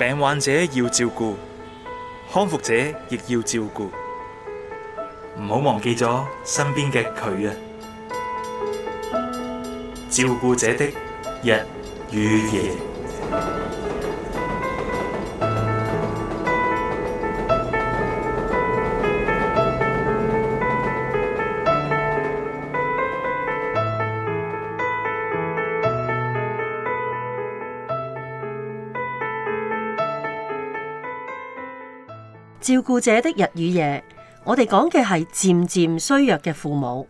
病患者要照顧，康復者亦要照顧，唔好忘記咗身邊嘅佢呀！照顧者嘅日與夜。照顧者的日與夜，我哋講嘅係漸漸衰弱嘅父母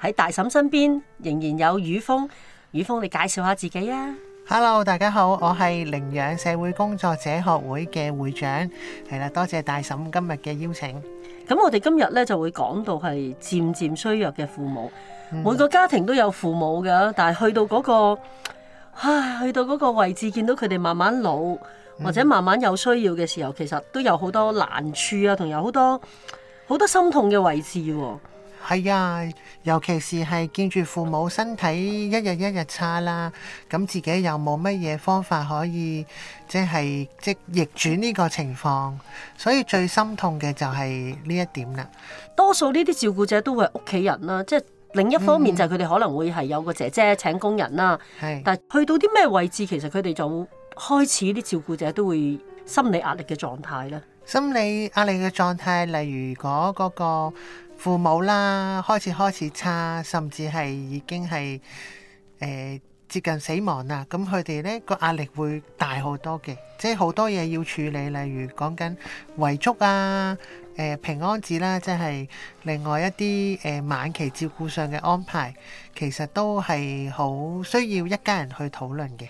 喺大嬸身邊，仍然有雨風。雨風，你介紹下自己啊！Hello，大家好，我係領養社會工作者學會嘅會長。係啦，多謝大嬸今日嘅邀請。咁我哋今日咧就會講到係漸漸衰弱嘅父母。每個家庭都有父母㗎，但係去到嗰個，唉，去到嗰個位置，見到佢哋慢慢老。或者慢慢有需要嘅時候，其實都有好多難處啊，同有好多好多心痛嘅位置。係啊、嗯，尤其是係見住父母身體一日一日差啦，咁自己又冇乜嘢方法可以，即係即逆轉呢個情況。所以最心痛嘅就係呢一點啦。多數呢啲照顧者都會屋企人啦，即係另一方面就係佢哋可能會係有個姐姐請工人啦。係、嗯，但去到啲咩位置，其實佢哋就開始啲照顧者都會心理壓力嘅狀態咧，心理壓力嘅狀態，例如果嗰個父母啦，開始開始差，甚至係已經係誒、呃、接近死亡啦，咁佢哋咧個壓力會大好多嘅，即係好多嘢要處理，例如講緊遺囑啊、誒、呃、平安紙啦、啊，即係另外一啲誒、呃、晚期照顧上嘅安排，其實都係好需要一家人去討論嘅。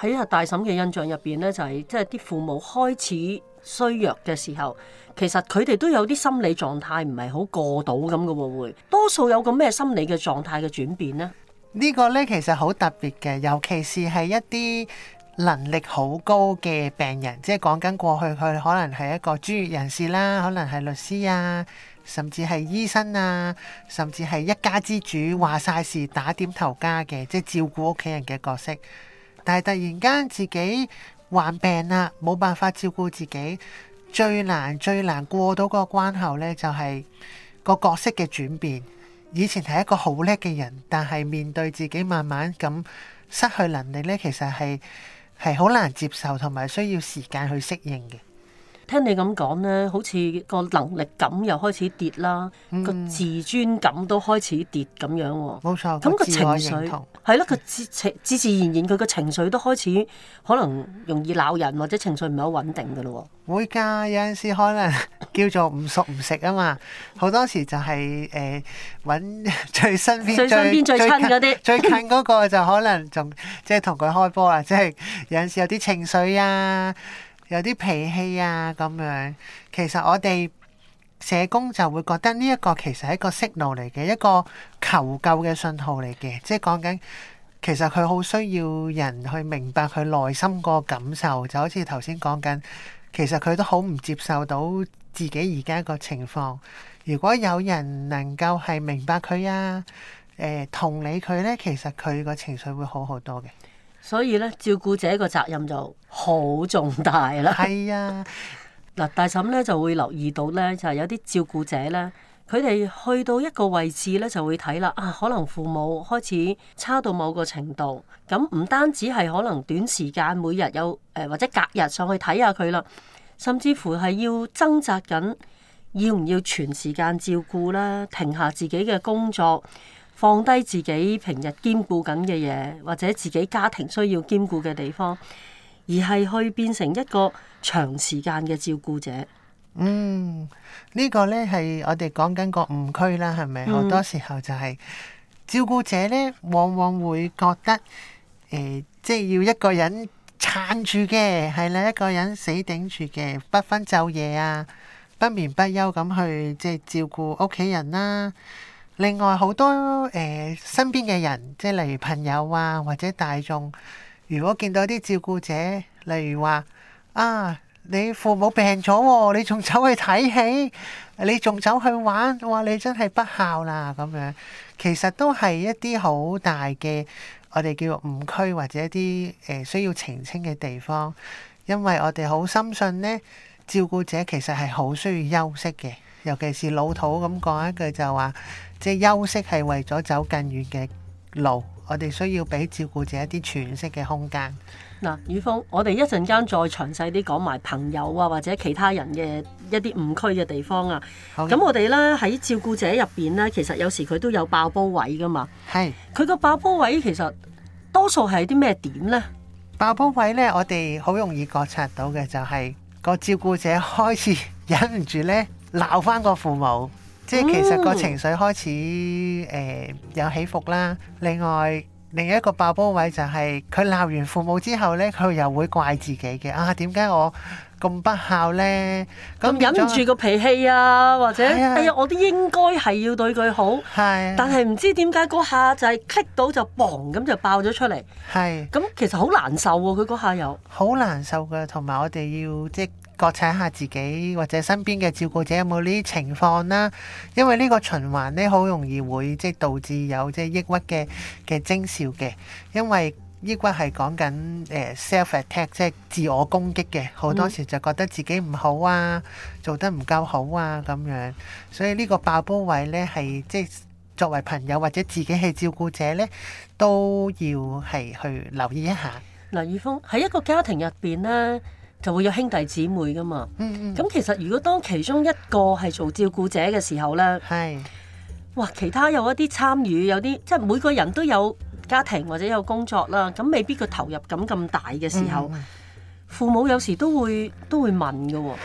喺阿大嬸嘅印象入邊咧，就係即係啲父母開始衰弱嘅時候，其實佢哋都有啲心理狀態唔係好過度咁嘅會，多數有個咩心理嘅狀態嘅轉變呢？呢個咧其實好特別嘅，尤其是係一啲能力好高嘅病人，即係講緊過去佢可能係一個專業人士啦，可能係律師啊，甚至係醫生啊，甚至係一家之主，話晒事打點頭家嘅，即係照顧屋企人嘅角色。但係突然間自己患病啦，冇辦法照顧自己，最難最難過到個關口咧，就係、是、個角色嘅轉變。以前係一個好叻嘅人，但係面對自己慢慢咁失去能力咧，其實係係好難接受同埋需要時間去適應嘅。聽你咁講咧，好似個能力感又開始跌啦，個、嗯、自尊感都開始跌咁錯樣喎。冇錯，咁個情緒係咯，佢自情了的自自然然，佢個情緒都開始可能容易鬧人或者情緒唔係好穩定噶咯。會噶，有陣時可能叫做唔熟唔食啊嘛。好多時就係誒搵最身邊最身邊最親嗰啲，最近嗰 個就可能仲即係同佢開波、就是、有有啊，即係有陣時有啲情緒啊。有啲脾氣啊，咁樣其實我哋社工就會覺得呢一個其實係一個息怒嚟嘅一個求救嘅信號嚟嘅，即係講緊其實佢好需要人去明白佢內心個感受，就好似頭先講緊，其實佢都好唔接受到自己而家個情況。如果有人能夠係明白佢啊，誒、呃、同理佢咧，其實佢個情緒會好好多嘅。所以咧，照顧者個責任就好重大啦。係啊，嗱，大嬸咧就會留意到咧，就係有啲照顧者咧，佢哋去到一個位置咧，就會睇啦啊，可能父母開始差到某個程度，咁唔單止係可能短時間每日有誒、呃、或者隔日上去睇下佢啦，甚至乎係要掙扎緊，要唔要全時間照顧咧，停下自己嘅工作。放低自己平日兼顧緊嘅嘢，或者自己家庭需要兼顧嘅地方，而係去變成一個長時間嘅照顧者。嗯，呢、這個呢，係我哋講緊個誤區啦，係咪？好、嗯、多時候就係、是、照顧者呢，往往會覺得即係、呃就是、要一個人撐住嘅，係啦，一個人死頂住嘅，不分晝夜啊，不眠不休咁去即係、就是、照顧屋企人啦、啊。另外，好多誒身邊嘅人，即係例如朋友啊，或者大眾，如果見到啲照顧者，例如話啊，你父母病咗喎，你仲走去睇戲，你仲走去玩，哇，你真係不孝啦，咁樣其實都係一啲好大嘅，我哋叫誤區或者一啲誒需要澄清嘅地方，因為我哋好深信咧，照顧者其實係好需要休息嘅。尤其是老土咁講一句就話，即係休息係為咗走更遠嘅路，我哋需要俾照顧者一啲喘息嘅空間。嗱、呃，宇峰，我哋一陣間再詳細啲講埋朋友啊，或者其他人嘅一啲誤區嘅地方啊。咁好我哋咧喺照顧者入邊咧，其實有時佢都有爆煲位噶嘛。係是，佢個爆煲位其實多數係啲咩點呢？爆煲位咧，我哋好容易覺察到嘅就係、是、個照顧者開始 忍唔住咧。鬧翻個父母，即係其實個情緒開始誒、嗯呃、有起伏啦。另外另一個爆波位就係佢鬧完父母之後呢，佢又會怪自己嘅啊，點解我咁不孝呢？咁忍、嗯、忍住個脾氣啊，或者、啊、哎呀，我都應該係要對佢好，啊、但係唔知點解嗰下就係 click 到就嘣咁就爆咗出嚟，係是。咁其實好難受喎、啊，佢嗰下又好難受㗎，同埋我哋要即覺察一下自己或者身邊嘅照顧者有冇呢啲情況啦，因為呢個循環咧好容易會即係導致有即係抑鬱嘅嘅徵兆嘅，因為抑鬱係講緊誒 self attack，即係自我攻擊嘅，好多時就覺得自己唔好啊，做得唔夠好啊咁樣，所以呢個爆煲位咧係即係作為朋友或者自己係照顧者咧，都要係去留意一下。梁宇峰喺一個家庭入邊咧。就會有兄弟姊妹噶嘛，咁、嗯嗯、其實如果當其中一個係做照顧者嘅時候咧，係是哇，其他有一啲參與，有啲即係每個人都有家庭或者有工作啦，咁未必佢投入感咁大嘅時候，嗯、父母有時都會都會問噶喎、哦，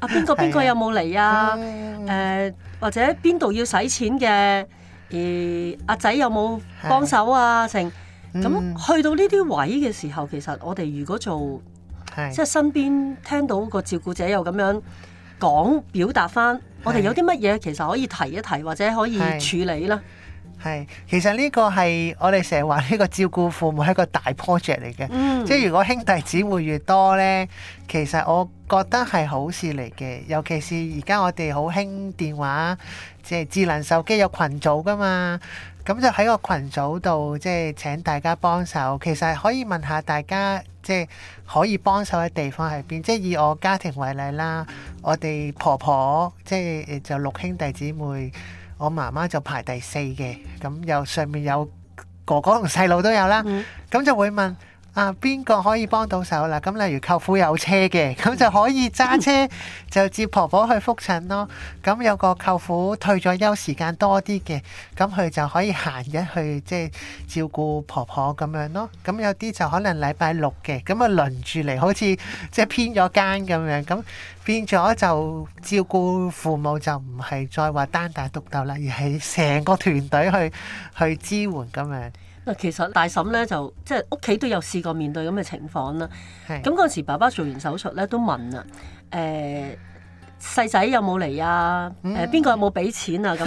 阿邊個邊個有冇嚟啊？誒、啊的呃、或者邊度要使錢嘅，誒阿仔有冇幫手啊？成咁去到呢啲位嘅時候，其實我哋如果做。是即係身邊聽到個照顧者又咁樣講表達返，我哋有啲乜嘢其實可以提一提，或者可以處理啦。係，其實呢個係我哋成日話呢個照顧父母係一個大 project 嚟嘅。嗯、即係如果兄弟姊妹越多呢，其實我覺得係好事嚟嘅。尤其是而家我哋好興電話，即係智能手機有群組㗎嘛。咁就喺個群組度，即係請大家幫手。其實可以問下大家，即係可以幫手嘅地方係邊？即係以我家庭為例啦，我哋婆婆即係就六兄弟姊妹，我媽媽就排第四嘅。咁又上面有哥哥同細佬都有啦，咁、mm hmm. 就會問。啊，邊個可以幫到手啦？咁例如舅父有車嘅，咁就可以揸車就接婆婆去覆診咯。咁有個舅父退咗休，時間多啲嘅，咁佢就可以閒日去即係、就是、照顧婆婆咁樣咯。咁有啲就可能禮拜六嘅，咁啊輪住嚟，好似即係編咗間咁樣，咁變咗就照顧父母就唔係再話單打獨鬥啦，而係成個團隊去去支援咁樣。其實大嬸咧就即係屋企都有試過面對咁嘅情況啦。咁嗰陣時爸爸做完手術咧都問、欸、細有有啊，誒細仔有冇嚟啊？誒邊個有冇俾錢啊？咁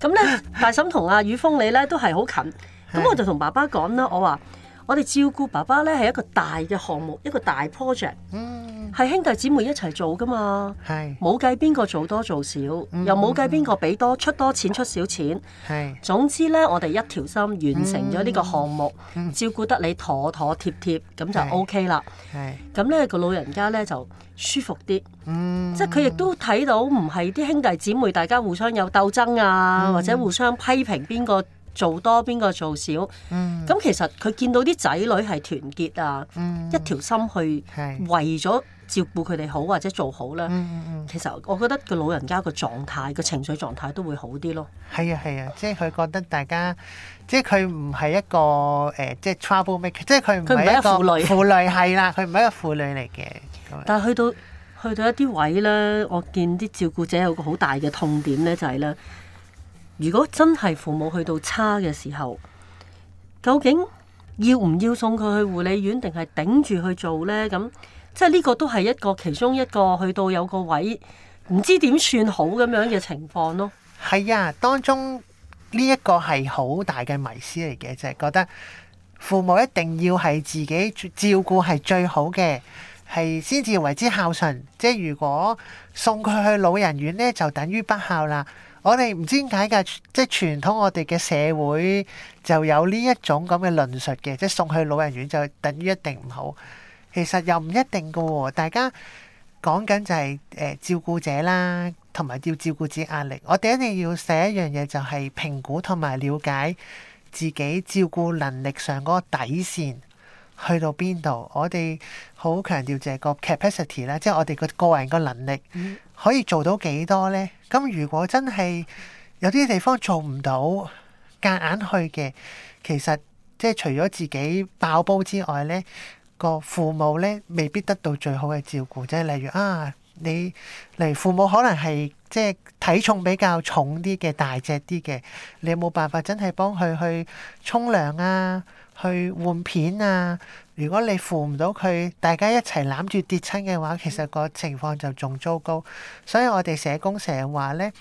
咁咧大嬸同阿宇峰你咧都係好近，咁、嗯、是我就同爸爸講啦，我話。我哋照顧爸爸呢係一個大嘅項目，一個大 project，係、嗯、兄弟姊妹一齊做噶嘛，冇是計邊個做多做少，嗯、又冇計邊個俾多出多錢出少錢，是總之呢，我哋一條心完成咗呢個項目，嗯、照顧得你妥妥貼貼，貼，咁就 OK 啦。咁呢個老人家呢就舒服啲，即係佢亦都睇到唔係啲兄弟姊妹大家互相有鬥爭啊，或者互相批評邊個。做多邊個做少，咁、嗯、其實佢見到啲仔女係團結啊，嗯、一條心去為咗照顧佢哋好或者做好咧。嗯嗯、其實我覺得個老人家個狀態、個情緒狀態都會好啲咯。係啊係啊，啊，即係佢覺得大家，即係佢唔係一個誒、呃，即係 trouble maker，即係佢唔係一個負累係啦，佢唔係一個負累嚟嘅。啊、但係去到去到一啲位咧，我見啲照顧者有個好大嘅痛點咧，就係、是、咧。如果真係父母去到差嘅時候，究竟要唔要送佢去護理院，定係頂住去做呢？咁即係呢個都係一個其中一個去到有個位，唔知點算好咁樣嘅情況咯。係啊，當中呢一個係好大嘅迷思嚟嘅，就係覺得父母一定要係自己照顧係最好嘅，係先至為之孝順。即係如果送佢去老人院呢，就等於不孝啦。我哋唔知點解嘅，即係傳統我哋嘅社會就有呢一種咁嘅論述嘅，即係送去老人院就等於一定唔好。其實又唔一定嘅喎。哦，大家講緊就係誒照顧者啦，同埋要照顧自己壓力。我哋一定要寫一樣嘢，就係評估同埋了解自己照顧能力上嗰個底線去到邊度。我哋好強調就係個 capacity 啦，即係我哋個個人個能力。可以做到幾多咧？咁如果真係有啲地方做唔到，夾硬去嘅，其實即係除咗自己爆煲之外咧，個父母咧未必得到最好嘅照顧。即係例如啊，你例如父母可能係即係體重比較重啲嘅、大隻啲嘅，你有冇辦法真係幫佢去沖涼啊、去換片啊？如果你扶唔到佢，大家一齊攬住跌親嘅話，其實個情況就仲糟糕。所以我哋社工成日話咧，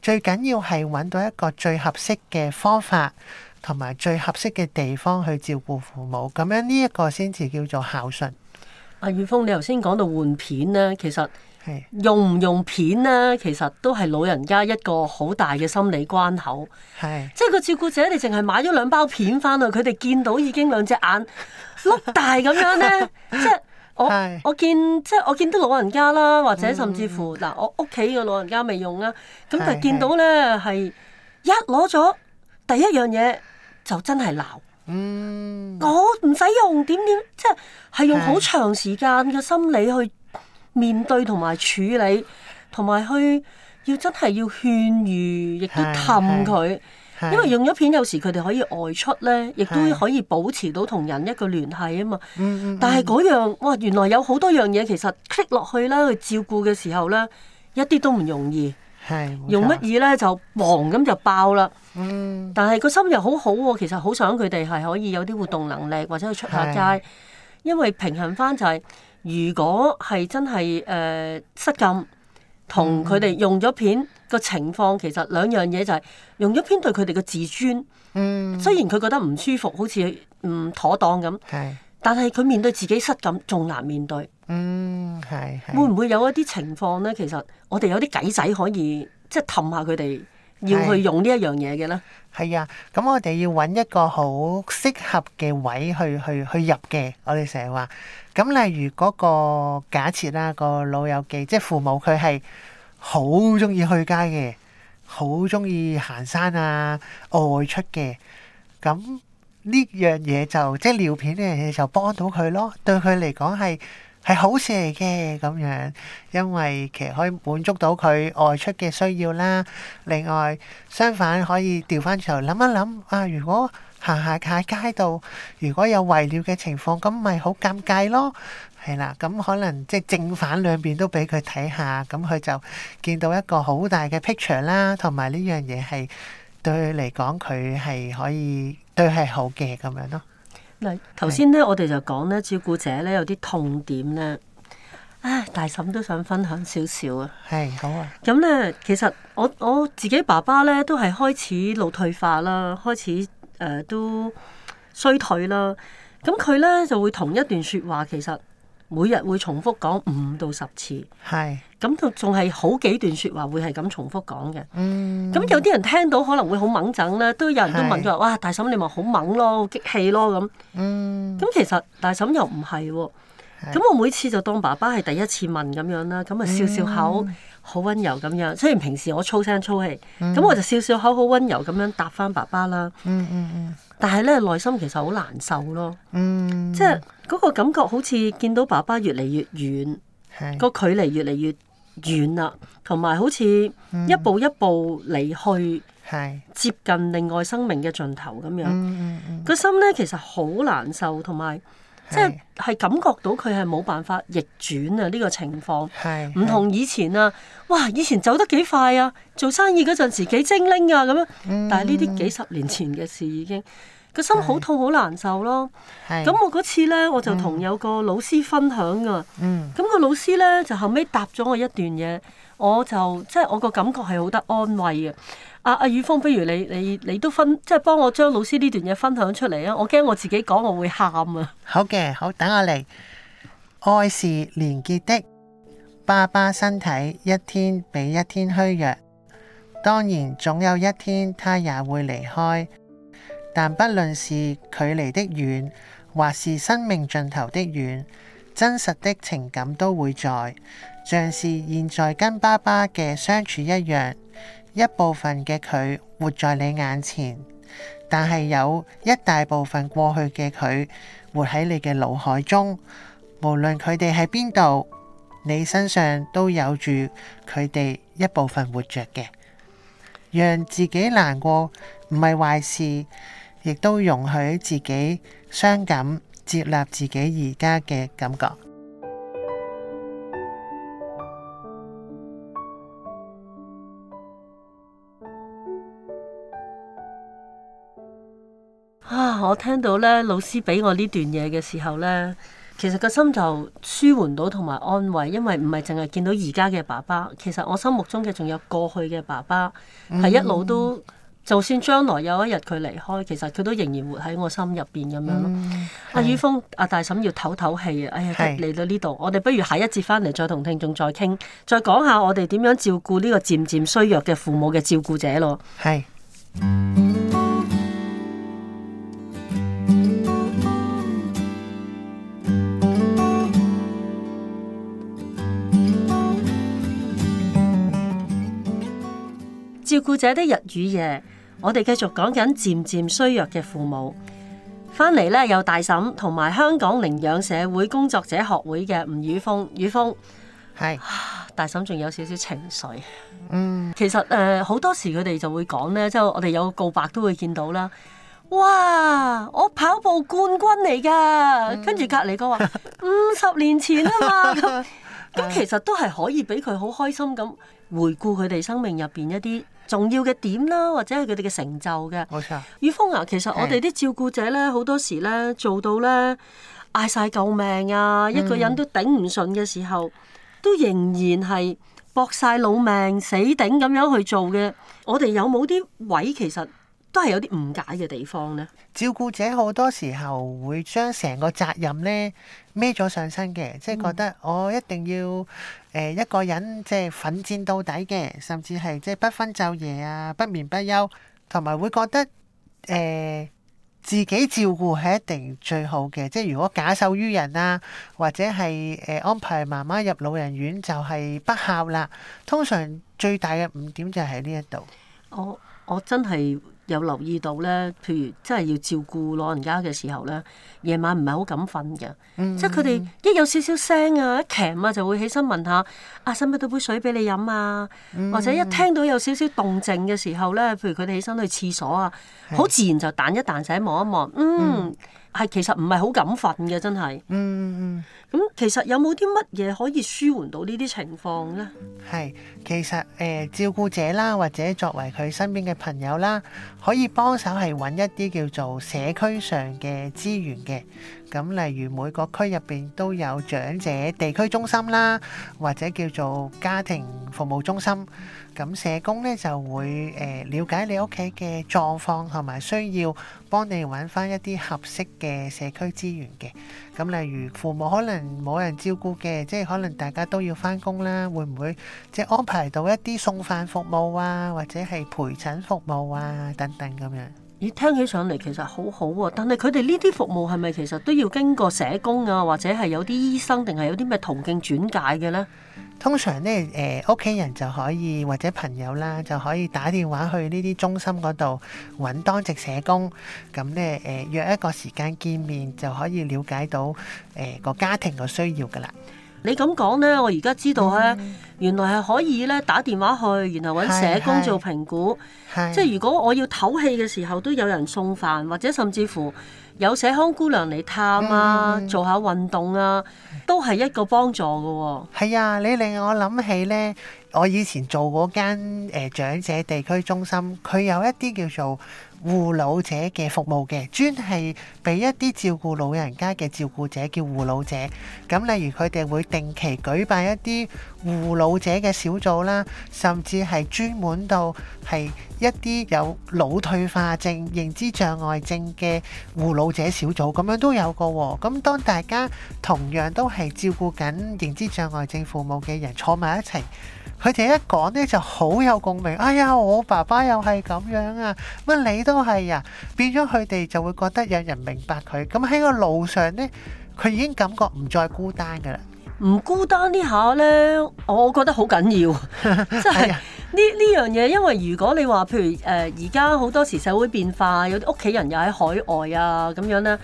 最緊要係揾到一個最合適嘅方法，同埋最合適嘅地方去照顧父母。咁樣呢一個先至叫做孝順。阿宇峰，你頭先講到換片咧，其實～是用唔用片呢？其實都係老人家一個好大嘅心理關口。是即係個照顧者，你淨係買咗兩包片翻去，佢哋見到已經兩隻眼碌大咁樣呢。 即係我是我見，即係我見到老人家啦，或者甚至乎嗱、嗯，我屋企嘅老人家未用啦，咁但係見到呢，係是是一攞咗第一樣嘢就真係鬧。嗯，我唔使用點點，即係係用好長時間嘅心理去。面對同埋處理，同埋去要真係要勸喻，亦都氹佢。因為用咗片，有時佢哋可以外出咧，亦都可以保持到同人一個聯繫啊嘛。但係嗰樣，嗯嗯、哇！原來有好多樣嘢，其實 kick 落去啦，去照顧嘅時候咧，一啲都唔容易。係。用乜嘢咧就忙咁就爆啦。但係個心又好好、啊、喎，其實好想佢哋係可以有啲活動能力，或者去出下街是，因為平衡翻就係、是。如果係真係誒失禁，同佢哋用咗片個情況，嗯、其實兩樣嘢就係、係、用咗片對佢哋嘅自尊。嗯，雖然佢覺得唔舒服，好似唔妥當咁。係但係佢面對自己失禁仲難面對。嗯，係。會唔會有一啲情況呢？其實我哋有啲計仔可以，即係氹下佢哋。要去用呢一樣嘢嘅啦，係啊。咁我哋要揾一個好適合嘅位去去去入嘅。我哋成日話咁，例如嗰個假設啦，個老友記即係父母佢係好中意去街嘅，好中意行山啊，外出嘅。咁呢樣嘢就即係尿片呢樣嘢就幫到佢咯。對佢嚟講係。係好事嚟嘅咁樣，因為其實可以滿足到佢外出嘅需要啦。另外，相反可以調翻轉頭諗一諗，啊，如果行下喺街度，如果有遺尿嘅情況，咁咪好尷尬咯。係啦，咁、嗯、可能即係正反兩邊都俾佢睇下，咁、嗯、佢就見到一個好大嘅 picture 啦，同埋呢樣嘢係對佢嚟講佢係可以對佢係好嘅咁樣咯。嗱，頭先咧，係，我哋就講咧照顧者咧有啲痛點咧，唉，大嬸都想分享少少啊。係，好啊。咁咧，其實我我自己爸爸咧都係開始腦退化啦，開始誒、呃、都衰退啦。咁佢咧就會同一段説話，其實。每日會重複講五到十次，係咁是，佢仲係好幾段説話會係咁重複講嘅。咁、嗯、有啲人聽到可能會好掹憎咧，都有人都問咗話：是哇，大嬸你咪好猛咯，激氣咯咁。咁、嗯、其實大嬸又唔係喎。咁是我每次就當爸爸係第一次問咁樣啦，咁啊笑笑口，好温、嗯、柔咁樣。雖然平時我粗聲粗氣，咁我就笑笑口，好温柔咁樣答翻爸爸啦。嗯嗯但係咧，內心其實好難受咯，嗯、即係嗰、嗰個感覺好似見到爸爸越嚟越遠，個是距離越嚟越遠啦，同埋好似一步一步離去，是接近另外生命嘅盡頭咁樣，嗯嗯嗯嗯、個心咧其實好難受，同埋，即係感覺到佢係冇辦法逆轉啊！呢、這個情況唔同以前啊，是是哇！以前走得幾快啊，做生意嗰陣時幾精靈啊咁樣，但係呢啲幾十年前嘅事已經個心好痛好難受咯。咁是是 我嗰次呢，我就同有個老師分享啊，咁是、嗯、個老師呢，就後尾答咗我一段嘢，我就即係我個感覺係好得安慰嘅。阿阿、啊、雨峰，不如你你你都分，即係幫我將老師呢段嘢分享出嚟啊！我驚我自己講我會喊啊！好嘅，好，等我嚟。愛是連結的，爸爸身體一天比一天虛弱，當然總有一天他也會離開。但不論是距離的遠，或是生命盡頭的遠，真實的情感都會在，像是現在跟爸爸嘅相處一樣。一部分嘅佢活在你眼前，但係有一大部分過去嘅佢活喺你嘅腦海中。無論佢哋喺邊度，你身上都有住佢哋一部分活着嘅。讓自己難過唔係壞事，亦都容許自己傷感，接納自己而家嘅感覺。我聽到咧老師俾我呢段嘢嘅時候咧，其實個心就舒緩到同埋安慰，因為唔係淨係見到而家嘅爸爸，其實我心目中嘅仲有過去嘅爸爸，係、嗯、一路都就算將來有一日佢離開，其實佢都仍然活喺我心入邊咁樣咯。阿宇峰、阿、啊啊、大嬸要唞唞氣啊！哎呀，嚟到呢度，是我哋不如下一節翻嚟再同聽眾再傾，再講下我哋點樣照顧呢個漸漸衰弱嘅父母嘅照顧者咯。係。照顧者的日與夜，我哋繼續講緊漸漸衰弱嘅父母。翻嚟咧，有大嬸同埋香港領養社會工作者學會嘅吳宇峰，宇峰係是大嬸，仲有少少情緒。嗯，其實誒，好多時佢哋就會講咧，即係我哋有告白都會見到啦。哇，我跑步冠軍嚟噶，跟住隔籬個話五十年前啊嘛，咁咁其實都係可以俾佢好開心咁回顧佢哋生命入邊一啲。重要嘅點啦，或者係佢哋嘅成就嘅。冇錯。宇峰啊，其實我哋啲照顧者咧，好多時咧做到咧嗌晒救命啊，嗯、一個人都頂唔順嘅時候，都仍然係搏晒老命、死頂咁樣去做嘅。我哋有冇啲位其實都係有啲誤解嘅地方呢？照顧者好多時候會將成個責任咧孭咗上身嘅，嗯、即係覺得我一定要。誒一個人即係奮戰到底嘅，甚至係即係不分晝夜啊，不眠不休，同埋會覺得誒、呃、自己照顧係一定最好嘅。即係如果假手於人啊，或者係誒安排媽媽入老人院就係不孝啦。通常最大嘅誤點就喺呢一度。我我真係。有留意到咧，譬如真係要照顧老人家嘅時候咧，夜晚唔係好敢瞓嘅，嗯、即係佢哋一有少少聲啊、一攰啊，就會起身問下：啊，使唔使倒杯水俾你飲啊？嗯、或者一聽到有少少動靜嘅時候咧，譬如佢哋起身去廁所啊，好自然就彈一彈醒望一望，嗯。嗯。係、嗯，其實唔係好敢瞓嘅，真係。嗯嗯，咁其實有冇啲乜嘢可以舒緩到呢啲情況呢？係，其實誒，照顧者啦，或者作為佢身邊嘅朋友啦，可以幫手係揾一啲叫做社區上嘅資源嘅。咁例如每個區入邊都有長者地區中心啦，或者叫做家庭服務中心。咁社工咧就會誒、呃、瞭解你屋企嘅狀況同埋需要，幫你揾翻一啲合適嘅社區資源嘅。咁例如父母可能冇人照顧嘅，即係可能大家都要翻工啦，會唔會即係安排到一啲送飯服務啊，或者係陪診服務啊等等咁樣？你聽起上嚟其實好好、啊、喎，但係佢哋呢啲服務係咪其實都要經過社工啊，或者係有啲醫生定係有啲咩途徑轉介嘅呢？通常咧誒，屋、呃、企人就可以或者朋友啦就可以打電話去呢啲中心嗰度揾當值社工，咁咧誒約一個時間見面就可以了解到誒、呃、個家庭嘅需要噶啦。你咁講呢，我而家知道咧、啊，嗯、原來係可以呢，打電話去，然後揾社工做評估。係係係即係如果我要唞氣嘅時候，都有人送飯，或者甚至乎有社康姑娘嚟探啊，做下運動啊，都係一個幫助嘅、哦。係啊，你令我諗起呢，我以前做嗰間誒長者地區中心，佢有一啲叫做。護老者嘅服務嘅，專係俾一啲照顧老人家嘅照顧者叫護老者。咁例如佢哋會定期舉辦一啲護老者嘅小組啦，甚至係專門到係一啲有腦退化症、認知障礙症嘅護老者小組，咁樣都有個。咁當大家同樣都係照顧緊認知障礙症父母嘅人坐埋一齊。佢哋一講呢就好有共鳴，哎呀，我爸爸又係咁樣啊，乜你都係啊，變咗佢哋就會覺得有人明白佢，咁喺個路上呢，佢已經感覺唔再孤單噶啦，唔孤單呢下呢，我覺得好緊要，即係呢呢樣嘢，因為如果你話譬如誒而家好多時社會變化，有啲屋企人又喺海外啊咁樣呢。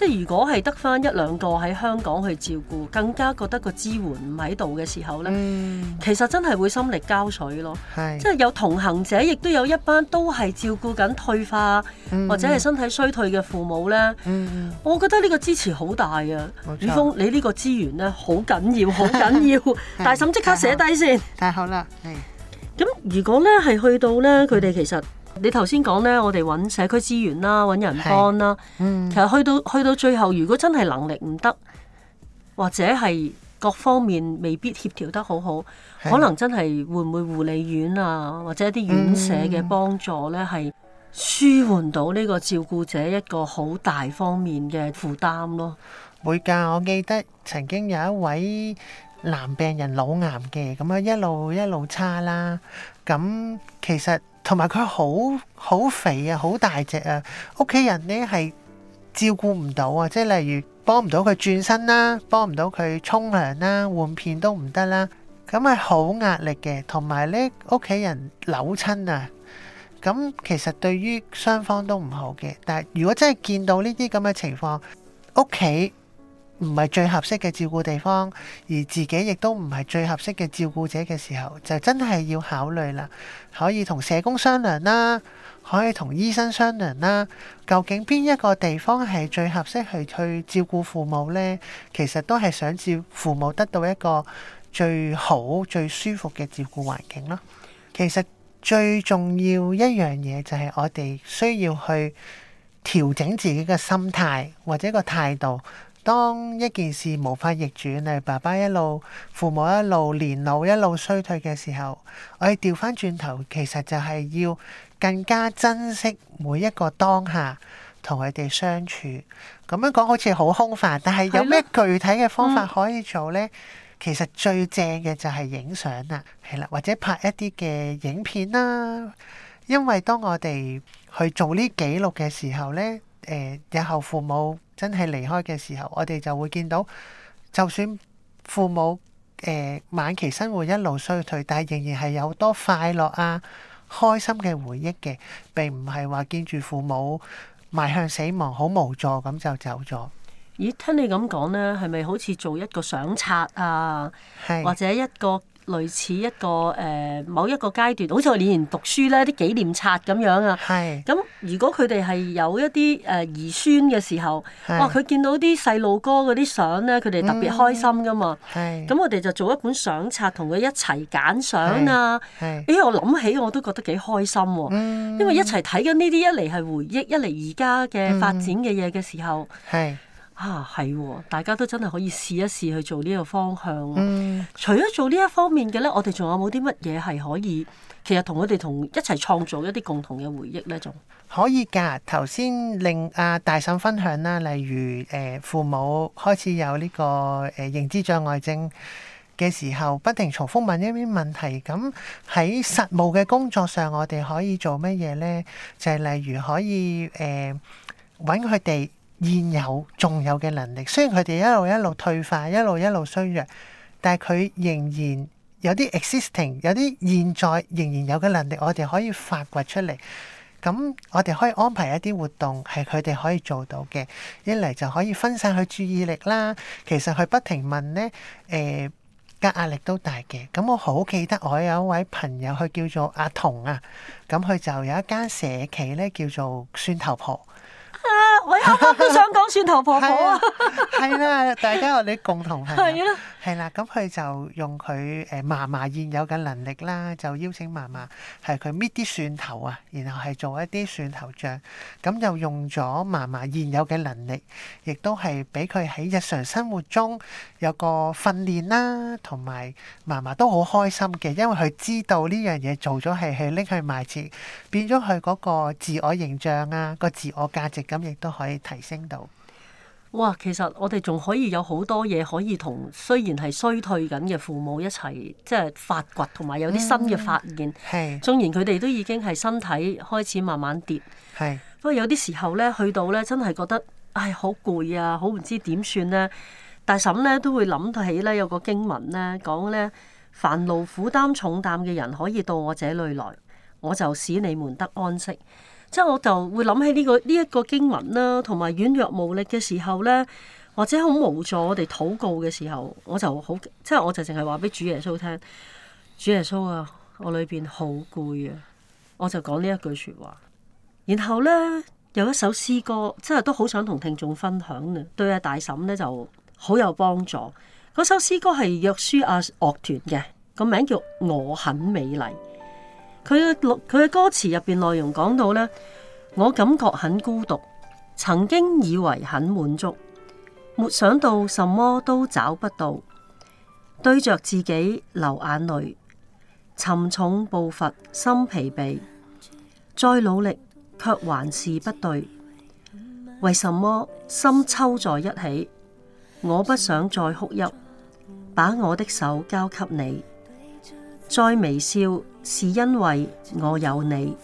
即係如果係得返一兩個喺香港去照顧，更加覺得個支援唔喺度嘅時候咧，嗯、其實真係會心力交瘁咯。是即係有同行者，亦都有一班都係照顧緊退化、嗯、或者係身體衰退嘅父母咧。嗯嗯、我覺得呢個支持好大啊！宇峰錯，你呢個資源咧好緊要，好緊要。 是大嬸即刻寫低先。太好啦，係。咁如果咧係去到咧，佢哋其實、嗯。你頭先講咧，我哋揾社區資源啦，揾人幫啦。嗯、其實去到去到最後，如果真係能力唔得，或者係各方面未必協調得好好，是可能真係會唔會護理院啊，或者一啲院舍嘅幫助咧，係、嗯、舒緩到呢個照顧者一個好大方面嘅負擔咯。每屆我記得曾經有一位男病人腦癌嘅，咁樣一路一路差啦。咁其實。同埋佢好好肥啊，好大隻啊，屋企人呢係照顧唔到啊，即係例如幫唔到佢轉身啦，幫唔到佢沖涼啦，換片都唔得啦，咁係好壓力嘅。同埋呢，屋企人扭親啊，咁其實對於雙方都唔好嘅。但係如果真係見到呢啲咁嘅情況，屋企。唔係最合適嘅照顧地方，而自己亦都唔係最合適嘅照顧者嘅時候，就真係要考慮啦。可以同社工商量啦，可以同醫生商量啦。究竟邊一個地方係最合適去去照顧父母呢？其實都係想照父母得到一個最好、最舒服嘅照顧環境咯。其實最重要一樣嘢就係我哋需要去調整自己嘅心態或者個態度。當一件事無法逆轉，例如爸爸一路，父母一路、年老一路衰退嘅時候，我哋調返轉頭，其實就係要更加珍惜每一個當下同佢哋相處。咁樣講好似好空泛，但係有咩具體嘅方法可以做咧？嗯、其實最正嘅就係影相啦，係啦，或者拍一啲嘅影片啦。因為當我哋去做呢記錄嘅時候咧。誒、呃，日後父母真係離開嘅時候，我哋就會見到，就算父母誒、呃、晚期生活一路衰退，但係仍然係有多快樂啊、開心嘅回憶嘅，並唔係話見住父母邁向死亡好無助咁就走咗。咦，聽你咁講咧，係咪好似做一個相冊啊，是或者一個？類似一個誒、呃、某一個階段，好似我以前讀書咧啲紀念冊咁樣啊。係是。咁如果佢哋係有一啲誒、呃、兒孫嘅時候，是哇！佢見到啲細路哥嗰啲相咧，佢哋特別開心噶嘛。係、嗯。咁我哋就做一本相冊，同佢一齊揀相啊。係。誒、欸，我諗起我都覺得幾開心喎。嗯、因為一齊睇緊呢啲，一嚟係回憶，一嚟而家嘅發展嘅嘢嘅時候。嗯。啊，係喎！大家都真係可以試一試去做呢個方向。除咗做呢一方面嘅咧，我哋仲有冇啲乜嘢係可以？其實同佢哋同一齊創造一啲共同嘅回憶咧，仲可以㗎。頭先令阿大嬸分享啦，例如誒父母開始有呢個誒認知障礙症嘅時候，不停重複問一啲問題。咁喺實務嘅工作上，我哋可以做乜嘢咧？就係例如可以誒揾佢哋現有仲有嘅能力，雖然佢哋一路一路退化，一路一路衰弱，但係佢仍然有啲 existing，有啲現在仍然有嘅能力，我哋可以發掘出嚟。咁我哋可以安排一啲活動係佢哋可以做到嘅，一嚟就可以分散佢注意力啦。其實佢不停問咧，誒、呃、嘅壓力都大嘅。咁我好記得我有一位朋友，佢叫做阿童啊。咁佢就有一間社企咧，叫做蒜頭婆。我啱啱都想講蒜頭婆婆啊， 啊，係啦，啊，啊、 大家我哋共同係啦、啊。係啦，咁佢就用佢誒嫲嫲現有嘅能力啦，就邀請嫲嫲係佢搣啲蒜頭啊，然後係做一啲蒜頭醬，咁就用咗嫲嫲現有嘅能力，亦都係俾佢喺日常生活中有個訓練啦，同埋嫲嫲都好開心嘅，因為佢知道呢樣嘢做咗係去拎去賣錢，變咗佢嗰個自我形象啊，個自我價值感亦都可以提升到。哇，其實我哋仲可以有好多嘢可以同雖然係衰退緊嘅父母一齊，即係發掘同埋有啲新嘅發現。係、mm，hmm。縱然佢哋都已經係身體開始慢慢跌。不過、mm hmm。有啲時候咧，去到咧，真係覺得唉，好攰啊，好唔知點算咧。大嬸咧都會諗起咧，有個經文咧講咧，凡勞苦擔重擔嘅人可以到我這裡來，我就使你們得安息。即係我就會諗起呢、呢個呢一、呢個經文啦、啊，同埋軟弱無力嘅時候咧，或者好無助，我哋禱告嘅時候，我就好即係我就淨係話俾主耶穌聽，主耶穌啊，我裏邊好攰啊，我就講呢一句說話。然後咧有一首詩歌，即係都好想同聽眾分享嘅。對啊，大嬸咧就好有幫助。嗰首詩歌係約書亞樂團嘅，個名叫《我很美麗》。佢嘅佢嘅歌詞入邊內容講到咧，我感覺很孤獨，曾經以為很滿足，沒想到什麼都找不到，對着自己流眼淚，沉重步伐，心疲憊，再努力卻還是不對，為什麼心抽在一起？我不想再哭泣，把我的手交給你。再微笑，是因為我有你，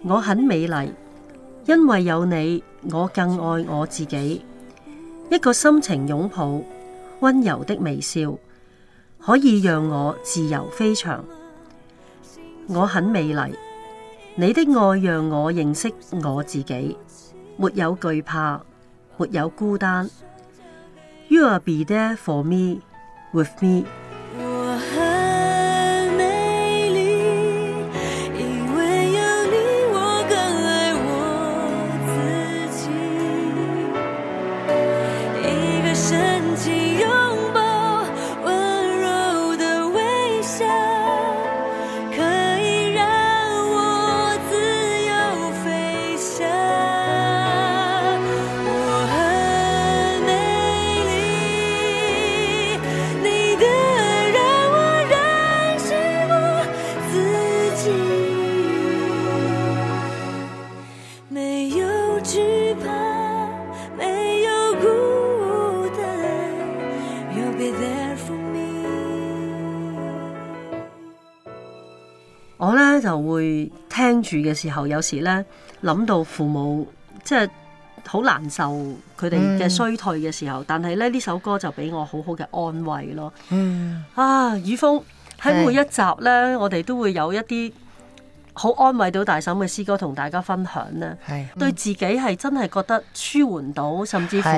我很美麗，因為有你，我更愛我自己。一個深情擁抱，溫柔的微笑，可以讓我自由飛翔。我很美麗，你的愛讓我認識我自己，沒有懼怕，沒有孤單。You will be there for me, with me. 就會聽住嘅時候，有時咧諗到父母即係好難受，佢哋嘅衰退嘅時候，嗯、但係咧，呢首歌就俾我好好嘅安慰咯。嗯、啊，雨峰喺每一集咧，是我哋都會有一啲好安慰到大嬸嘅詩歌同大家分享咧。係是，對自己係真係覺得舒緩到，甚至乎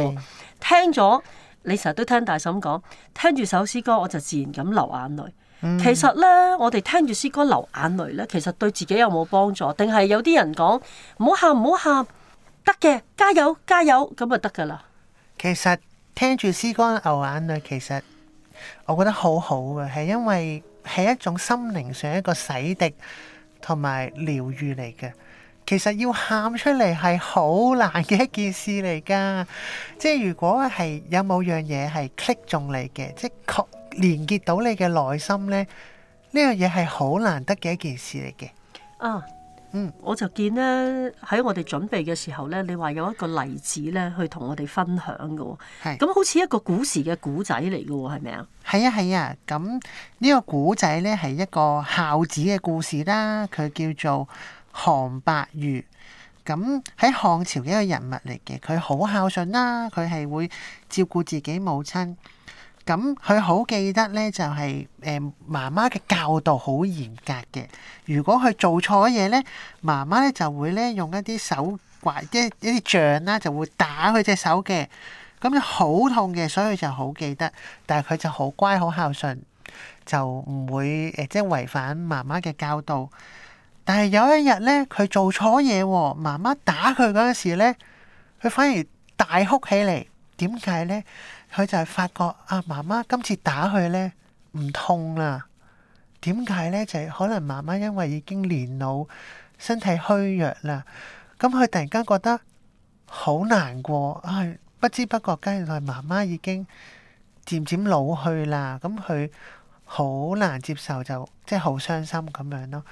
聽咗，是你成日都聽大嬸講，聽住首詩歌我就自然咁流眼淚。嗯、其實咧，我哋聽住詩歌流眼淚咧，其實對自己有冇幫助？定係有啲人講唔好喊，唔好喊，得嘅，加油，加油，咁就得噶啦。其實聽住詩歌流眼淚，其實我覺得好好嘅，係因為係一種心靈上一個洗滌同埋療愈嚟嘅。其實要喊出嚟係好難嘅一件事嚟噶。即係如果係有冇樣嘢係 click 中你嘅，即確。連結到你嘅內心咧，呢樣嘢係好難得嘅一件事嚟嘅。啊，嗯，我就見咧喺我哋準備嘅時候咧，你話有一個例子咧去同我哋分享嘅。哦，係咁是好似一個古時嘅古仔嚟嘅係咪啊？係啊係啊，咁呢個古仔咧係一個孝子嘅故事啦，佢叫做韓伯瑜，咁喺漢朝嘅一個人物嚟嘅，佢好孝順啦，佢係會照顧自己母親。咁佢好記得咧，就係誒媽媽嘅教導好嚴格嘅。如果佢做錯嘢咧，媽媽咧就會咧用一啲手怪，一一啲杖啦，就會打佢隻手嘅。咁好痛嘅，所以就好記得。但係佢就好乖、好孝順，就唔會誒即係違反媽媽嘅教導。但係有一日咧，佢做錯嘢喎，媽媽打佢嗰陣時咧，佢反而大哭起嚟。點解咧？佢就係發覺啊，媽媽今次打佢咧唔痛啦，點解咧？就係可能媽媽因為已經年老，身體虛弱啦，咁佢突然間覺得好難過，係，哎，不知不覺間原來媽媽已經漸漸老去啦，咁佢好難接受，就即係好傷心咁樣咯。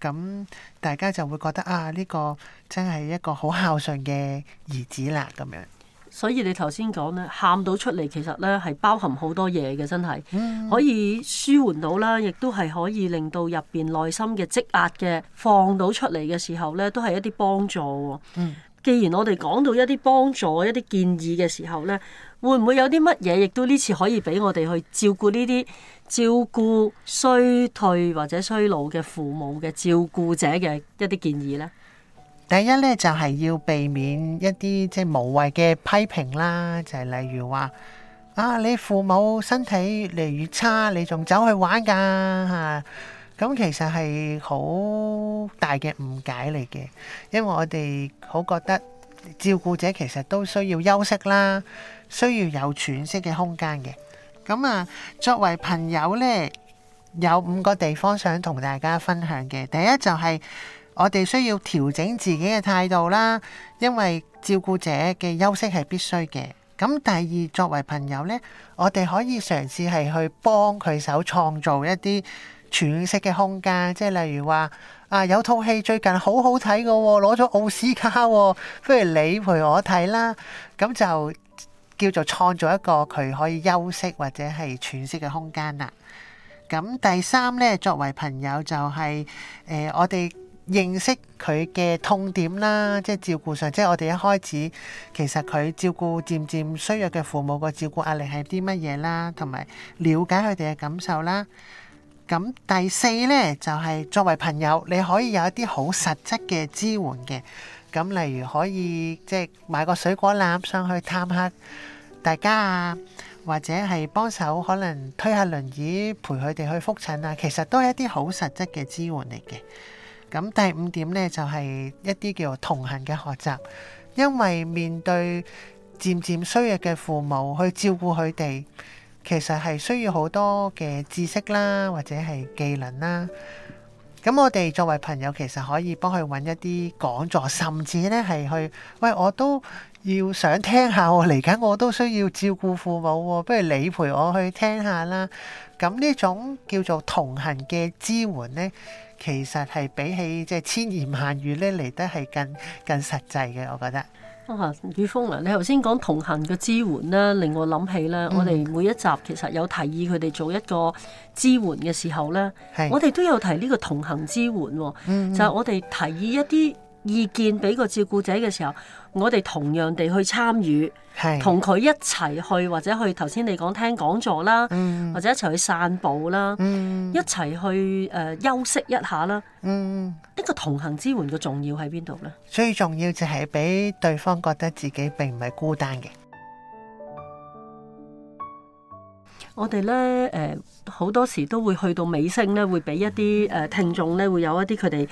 咁大家就會覺得啊，呢個真係一個好孝順嘅兒子啦，咁樣。所以你頭先講咧，喊到出嚟其實咧係包含好多嘢嘅，真係可以舒緩到啦，亦都係可以令到入邊內心嘅積壓嘅放到出嚟嘅時候咧，都係一啲幫助喎。既然我哋講到一啲幫助、一啲建議嘅時候咧，會唔會有啲乜嘢，亦都呢次可以俾我哋去照顧呢啲照顧衰退或者衰老嘅父母嘅照顧者嘅一啲建議咧？第一咧就係、是、要避免一啲即係無謂嘅批評啦，就係、是、例如話啊，你父母身體越嚟越差，你仲走去玩㗎吓，咁、啊啊、其實係好大嘅誤解嚟嘅，因為我哋好覺得照顧者其實都需要休息啦，需要有喘息嘅空間嘅。咁啊，作為朋友咧，有五個地方想同大家分享嘅，第一就係、是。我哋需要調整自己嘅態度啦，因為照顧者嘅休息係必須嘅。咁第二，作為朋友呢，我哋可以嘗試係去幫佢手創造一啲喘息嘅空間，即係例如話啊，有套戲最近好好睇㗎喎，攞咗奧斯卡喎、哦，不如你陪我睇啦。咁就叫做創造一個佢可以休息或者係喘息嘅空間啦。咁第三呢，作為朋友就係、是、誒、呃、我哋。認識佢嘅痛點啦，即係照顧上，即係我哋一開始其實佢照顧漸漸衰弱嘅父母個照顧壓力係啲乜嘢啦，同埋了解佢哋嘅感受啦。咁第四呢，就係、是、作為朋友，你可以有一啲好實質嘅支援嘅。咁例如可以即係、就是、買個水果籃上去探下大家啊，或者係幫手可能推下輪椅陪佢哋去覆診啊，其實都係一啲好實質嘅支援嚟嘅。咁第五點咧就係、是、一啲叫同行嘅學習，因為面對漸漸衰弱嘅父母去照顧佢哋，其實係需要好多嘅知識啦，或者係技能啦。咁我哋作為朋友，其實可以幫佢揾一啲講座，甚至咧係去喂，我都要想聽下，我嚟緊我都需要照顧父母、哦，不如你陪我去聽下啦。咁呢種叫做同行嘅支援呢。其實係比起即係千言萬語咧，嚟得係更更實際嘅，我覺得。啊，雨峰啊，你頭先講同行嘅支援咧，令我諗起咧，嗯、我哋每一集其實有提議佢哋做一個支援嘅時候咧，是我哋都有提呢個同行支援、哦，嗯、就係我哋提議一啲意見俾個照顧者嘅時候。我哋同樣地去參與，同佢是一齊去或者去頭先你講聽講座啦，嗯、或者一齊去散步啦，嗯、一齊去誒休息一下啦。嗯，呢個同行支援嘅重要喺邊度咧？最重要就係俾對方覺得自己並唔係孤單嘅。我哋咧誒好多時都會去到尾聲咧，會俾一啲誒、呃、聽眾咧，會有一啲佢哋。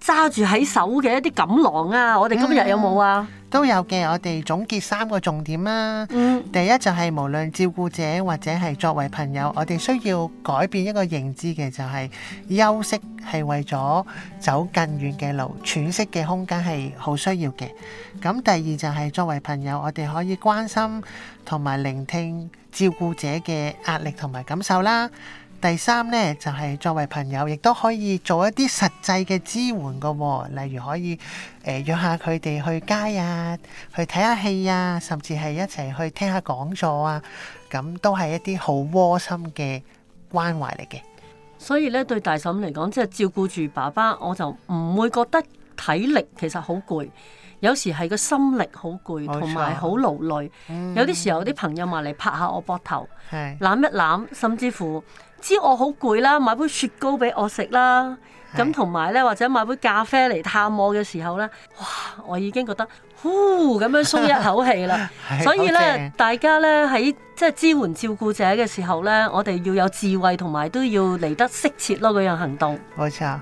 揸住喺手嘅一啲錦囊啊！我哋今日有冇啊、嗯？都有嘅。我哋總結三個重點啦。嗯、第一就係無論照顧者或者係作為朋友，我哋需要改變一個認知嘅，就係、是、休息係為咗走更遠嘅路，喘息嘅空間係好需要嘅。咁第二就係作為朋友，我哋可以關心同埋聆聽照顧者嘅壓力同埋感受啦。第三呢，就係作為朋友，亦都可以做一啲實際嘅支援㗎喎，例如可以誒約下佢哋去街啊，去睇下戲啊，甚至係一齊去聽下講座啊，咁都係一啲好窩心嘅關懷嚟嘅。所以咧對大嬸嚟講，即係照顧住爸爸，我就唔會覺得體力其實好攰，有時係個心力好攰，同埋好勞累。嗯，有啲時候啲朋友埋嚟拍下我膊頭，攬一攬，甚至乎，知我好攰啦，買杯雪糕俾我食啦，咁同埋咧或者買杯咖啡嚟探我嘅時候咧，哇，我已經覺得呼咁樣鬆一口氣啦。 是所以咧，正大家咧喺即係支援照顧者嘅時候咧，我哋要有智慧同埋都要嚟得適切咯，嗰樣行動。冇錯。